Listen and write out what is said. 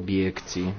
obiecții.